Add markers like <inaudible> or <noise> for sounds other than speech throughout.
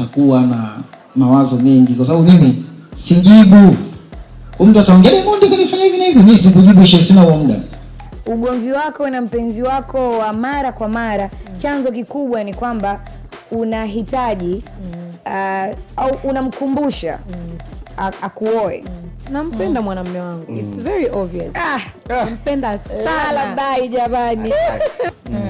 atakuwa na mawazo mengi, kwa sababu mimi sijibu. Mtu ataongea ndio kanifanya hivi na hivi, mimi sikujibu, ishe, sina huo muda. Ugomvi wako na mpenzi wako wa mara kwa mara, mm. chanzo kikubwa ni kwamba unahitaji mm. uh, au unamkumbusha mm. akuoe mm. nampenda mwanamume wangu it's mm. very obvious ah. nampenda sana bye jamani <laughs> mm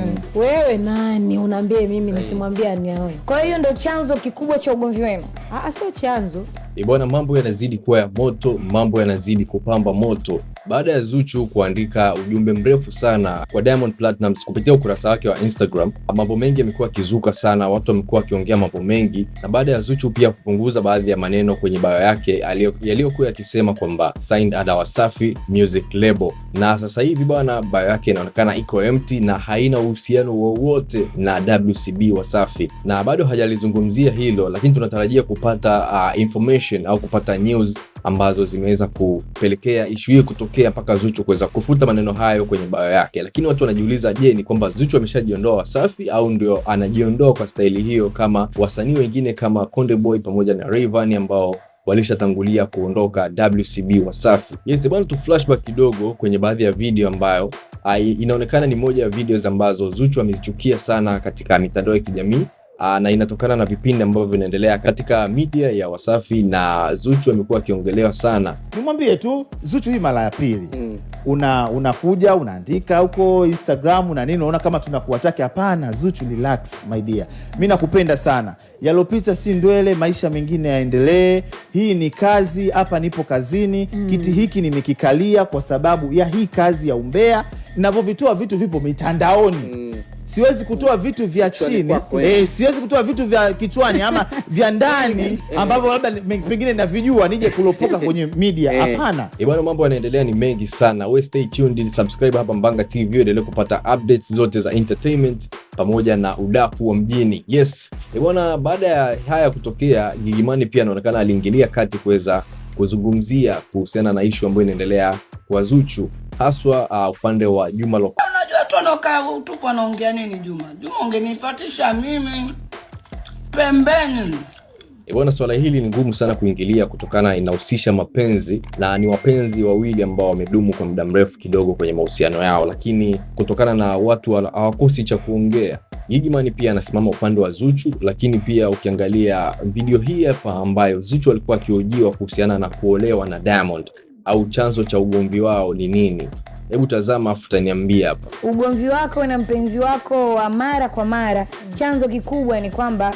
aoe nani? Unaambie mimi nisimwambie aniaoe? Kwa hiyo ndo chanzo kikubwa cha ugomvi wenu? Ah, ah sio chanzo eh, bwana. Mambo yanazidi kuwa ya moto, mambo yanazidi kupamba moto. Baada ya Zuchu kuandika ujumbe mrefu sana kwa Diamond Platnumz kupitia ukurasa wake wa Instagram, mambo mengi yamekuwa akizuka sana, watu wamekuwa wakiongea mambo mengi, na baada ya Zuchu pia kupunguza baadhi ya maneno kwenye bio yake yaliyokuwa yakisema kwamba signed under Wasafi Music Label, na sasa hivi bwana, bio yake inaonekana iko empty na haina uhusiano wowote na WCB Wasafi, na bado hajalizungumzia hilo, lakini tunatarajia kupata uh, information au kupata news ambazo zimeweza kupelekea ishu hiyo kutokea mpaka Zuchu kuweza kufuta maneno hayo kwenye bio yake. Lakini watu wanajiuliza, je, ni kwamba Zuchu ameshajiondoa Wasafi au ndio anajiondoa kwa staili hiyo kama wasanii wengine kama Konde Boy pamoja na Rayvanny ambao walishatangulia kuondoka WCB Wasafi. Yes, bwana, tu flashback kidogo kwenye baadhi ya video ambayo inaonekana ni moja ya videos ambazo Zuchu amezichukia sana katika mitandao ya kijamii Ah, na inatokana na vipindi ambavyo vinaendelea katika media ya Wasafi na Zuchu amekuwa akiongelewa sana. Nimwambie tu Zuchu, hii mara ya pili mm. una unakuja unaandika huko Instagram na nini, unaona kama tunakuwataki. Hapana Zuchu, relax my dear, mi nakupenda sana, yalopita si ndwele, maisha mengine yaendelee. Hii ni kazi, hapa nipo kazini mm. kiti hiki nimekikalia kwa sababu ya hii kazi ya umbea, navyovitoa vitu vipo mitandaoni mm siwezi kutoa vitu vya chini eh. eh, siwezi kutoa vitu vya kichwani ama vya <laughs> ndani eh. ambavyo labda pengine navijua nije kulopoka <laughs> kwenye media. Eh. Hapana bwana, mambo yanaendelea ni mengi sana. We stay tuned, subscribe hapa Mbanga TV endelee kupata updates zote za entertainment pamoja na udaku wa mjini. Yes bwana, baada ya haya kutokea, Gigimani pia anaonekana aliingilia kati kuweza kuzungumzia kuhusiana na ishu ambayo inaendelea kwa Zuchu haswa uh, upande wa Juma Lokole watu wanaokaa utupu wanaongea nini? Juma, Juma, ungenipatisha mimi pembeni. Eh, bwana, swala hili ni ngumu sana kuingilia kutokana inahusisha mapenzi na ni wapenzi wawili ambao wamedumu kwa muda mrefu kidogo kwenye mahusiano yao, lakini kutokana na watu hawakosi cha kuongea. Gigiman pia anasimama upande wa Zuchu, lakini pia ukiangalia video hii hapa ambayo Zuchu alikuwa akiojiwa kuhusiana na kuolewa na Diamond au chanzo cha ugomvi wao ni nini? Hebu tazama afu utaniambia hapa. Ugomvi wako na mpenzi wako wa mara kwa mara, chanzo kikubwa ni kwamba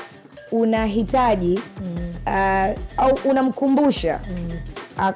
unahitaji mm. uh, au unamkumbusha mm.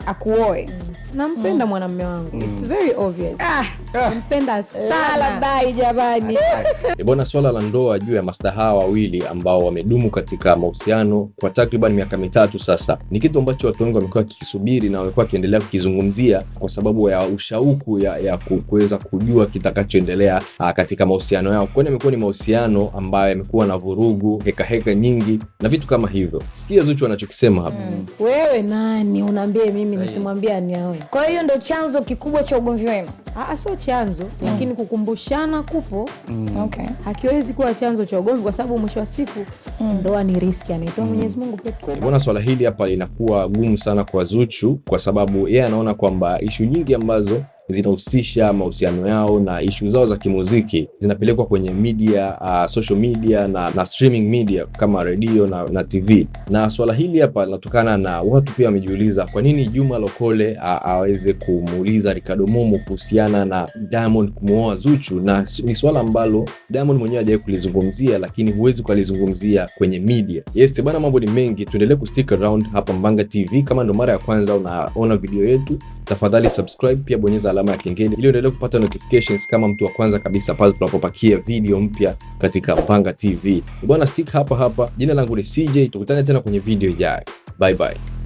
akuoe mm nampenda mm. mwanamme wangu mm. It's very obvious. Ah, nampenda ah. sana bai jamani ah. Ebona, eh, Swala la ndoa juu ya mastahaa wawili ambao wamedumu katika mahusiano kwa takriban miaka mitatu sasa ni kitu ambacho watu wengi wamekuwa kikisubiri na wamekuwa wakiendelea kukizungumzia kwa sababu ya ushauku ya, ya kuweza kujua kitakachoendelea ah, katika mahusiano yao, kwani amekuwa ni mahusiano ambayo yamekuwa na vurugu, hekaheka nyingi na vitu kama hivyo. Sikia Zuchu anachokisema hapa. Mm. Wewe nani unaambie mimi nisimwambie aniawe kwa hiyo ndo chanzo kikubwa cha ugomvi wenu? Ah, ah, sio chanzo mm. Lakini kukumbushana kupo mm. okay. hakiwezi kuwa chanzo cha ugomvi kwa sababu mwisho wa siku mm. ndoa ni riski, anaitoa mm. Mwenyezi Mungu pekee. Mbona swala hili hapa linakuwa gumu sana kwa Zuchu, kwa sababu yeye anaona kwamba ishu nyingi ambazo zinahusisha mahusiano yao na ishu zao za kimuziki, zinapelekwa kwenye media, uh, social media na, na streaming media kama redio na, na TV. Na swala hili hapa linatokana na watu pia wamejiuliza kwa nini Juma Lokole ah, aweze kumuuliza Ricardo Momo kuhusiana na Diamond kumwoa Zuchu, na ni swala ambalo Diamond mwenyewe ajawai kulizungumzia, lakini huwezi ukalizungumzia kwenye media. Yes bwana, mambo ni mengi, tuendelee kustick around hapa Mbanga TV. Kama ndo mara ya kwanza unaona video yetu, tafadhali subscribe, pia bonyeza alama ya kengele ili uendelee kupata notifications kama mtu wa kwanza kabisa pale tunapopakia video mpya katika Mpanga TV. Bwana, stick hapa hapa. Jina langu ni CJ, tukutane tena kwenye video ijayo. Bye bye.